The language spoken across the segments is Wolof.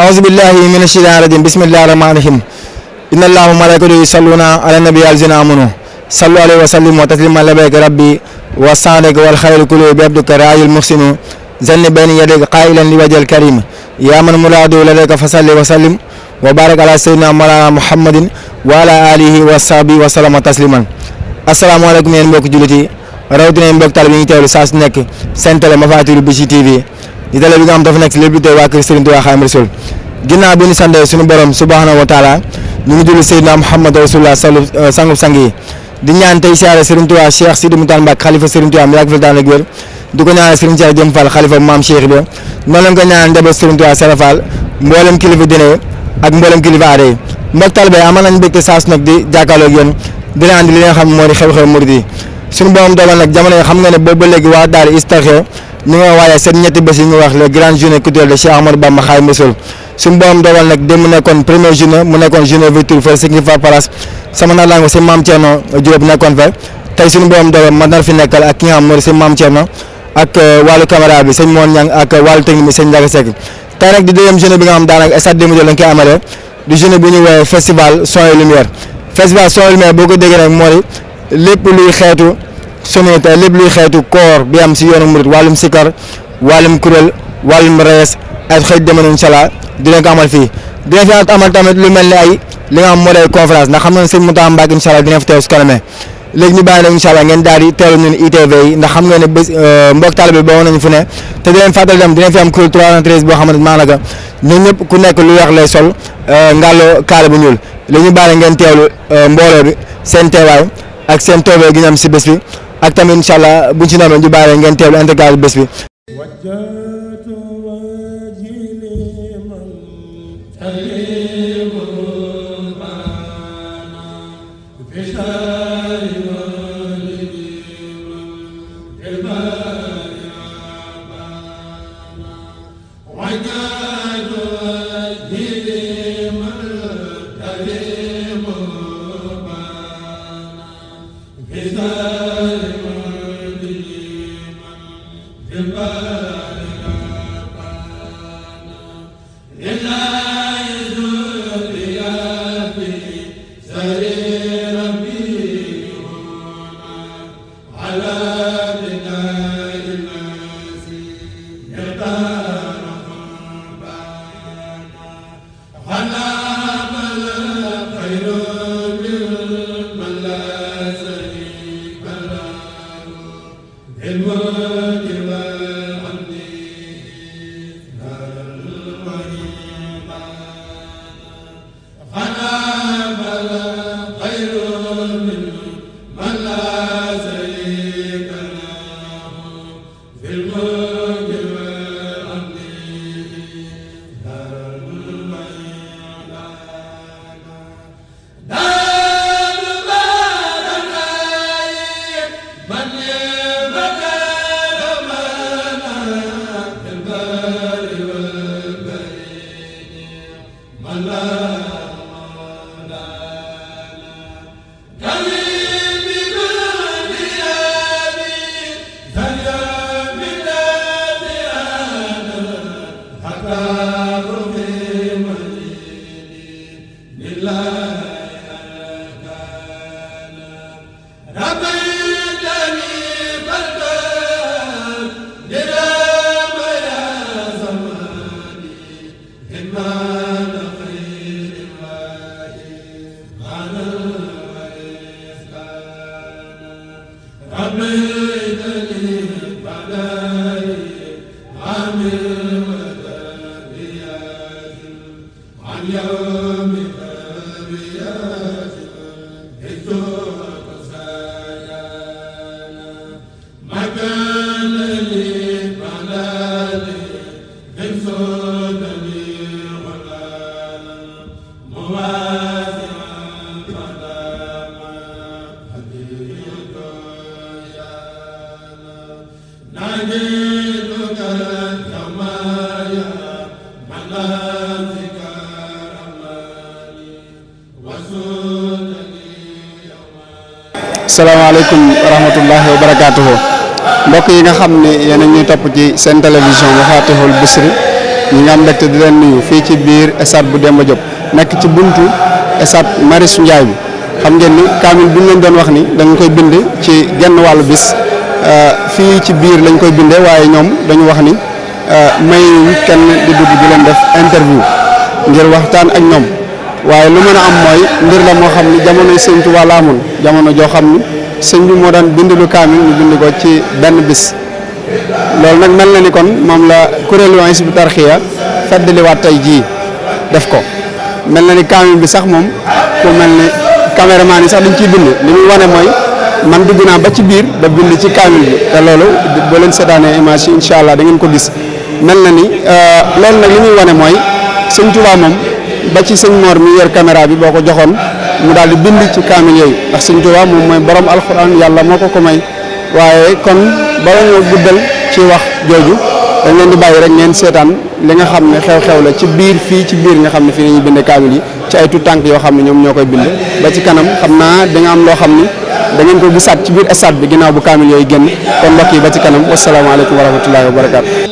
أعوذ بالله من الشيطان الرجيم بسم الله الرحمن الرحيم إن الله وملائكته يصلون على النبي الذين آمنوا صلوا عليه وسلموا تسليما لبيك ربي وصالك والخير كله بعبدك راعي المحسن زن بين يديك قائلا لوجه الكريم يا من مراده لديك فصل وسلم وبارك على سيدنا مولانا محمد وعلى آله وصحبه وسلم تسليما asalaamaaleykum yéen mbokki jullit yi rawatina yéen mbokki taalibe yi ñu teewlu saa su nekk seen télé Mafatihoul Bichri TV di dale bi nga xam dafa nekk si lépp tey waa kër Serigne Touba Xaadimu Rasuul ginnaaw bi ñu sante suñu borom subhaanahu wa taala ñu ngi julli Seydina Muhammad Rasulullah salu euh, sangub sang yi di ñaan tey siyaare Serigne Touba Cheikh Sidi Moutane Mbacke xalifa Serigne Touba mi yàgg fi daan rek wér di ko ñaanal Serigne Cheikh Jëm Fall mboolem kilifa dine ak mboolem kilifa aada yi mbokk talibé amal nañ mbégte saa su nag di jàkkaarloo ak di leen andi li nga xam moo xew-xew murid yi borom dogal nag ñu nga waajal seen ñetti bés yi nga wax les grandes journées culturelles de Cheikh Ahmadou Bamba Khadimu Rasuul suñu borom dogal nag dem mu nekkoon première journée mu nekkoon journée virtuelle fële si Ngifa Palace sama na laango si maam Thierno Diop nekkoon fa tey suñu borom ma nar fi nekkal ak ki nga xam mooy si maam Thierno ak euh, wàllu caméra bi sëñ Moon Ñang ak euh, wàllu technique bi sëñ Ndiaga Seck di deuxième journée bi nga xam daanaka stade Demba Diop lañ koy amalee di journée bi ñu woowee festival son et lumière festival son et lumière sonné tey lépp luy xeetu koor bi am si yoonu murit wàllum sikar wàllum kuréel wàllum rees ak xëy demee incha allah dina ko amal fii dina fi amal tamit lu mel ni ay li nga xam moo day conférence ndax xam nga sëñ Mountakha Mbacké incha allah dina fi teew si kanamee léegi ñu bàyyi la incha allah ngeen daal di teewlu ñun ITV yi ndax xam nga ne bés euh, mbokk taalibe bi nañu fu ne te di leen fàttali dem dina fi am kuréel 313 boo xamante maanaam ñun ñëpp ku nekk lu weex lay sol euh, ngàlloo kaala bu ñuul léegi ñu bàyyi ngeen teewlu euh, mbooloo bi seen ak seen toobee gi ñu am si bés bi ak tamit incha allah buñ ci naanoon ñu bàyyi ngeen teewlu intégral bés bi. Goodbye. la Amen salaamaaleykum wa rahmatullahi wa barakaatuhu mbokk yi nga xam ne yéen a ñuy topp ci seen télévision Mafatihul Bichri ñi nga am mbégte di leen nuyu fii ci biir stade bu Demba Diop nekk ci buntu stade marisu Ndiaye bi xam ngeen ni kaamil bu ñu doon wax ni dañ koy bind ci genn wàllu bis Euh, fii ci biir lañ koy bindee waaye ñoom dañu wax ni euh, may kenn di dugg di leen def interview ngir waxtaan ak ñoom waaye lu mën a am mooy mbir la moo xam ni jamonoy sëñ Tuubaa la amoon jamono joo xam ni sëñ bi moo daan bind lu kaamil ñu bind ko ci benn bis loolu nag mel na ni kon moom la kuréelu Hizbut Tarqiyyah feddaliwaat tey jii def ko mel na ni kaamil bi sax moom ku mel ni caméraman yi sax dañ ciy bind li muy wane mooy man dugg naa ba ci biir da bind ci kaamil bi te loolu boo leen seetaanee image yi incha allah da ngeen ko gis mel na ni euh, loolu nag li muy wane mooy sëñ Tuubaa moom ba ci sëñ Mor mi yor caméra bi boo ko joxoon mu daal di bind ci kaamil yooyu ndax sëñ Tuubaa moom mooy borom alxuraan yàlla moo ko ko may waaye kon bala ñoo guddal ci wax jooju dañ leen di bàyyi rek ngeen seetaan li nga xam ne xew-xew la ci biir fii ci biir nga xam ne fi la ñuy bind kaamil yi. ci ay tout tànk yoo xam ne ñoom ñoo koy bind ba ci kanam xam naa da nga am loo xam ni da ngeen ko gisaat ci biir stade bi ginnaaw bu kaamil yooyu génn kon mbokk yi ba ci kanam wasalaamaaleykum wa rahmatullahi wa barakaatu.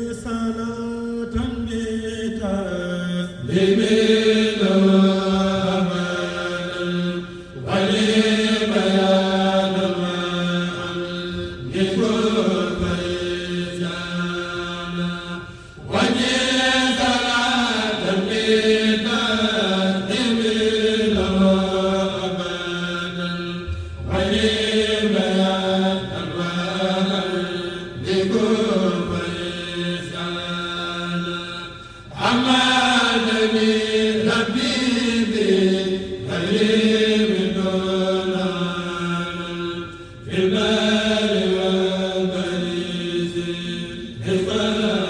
الهضاب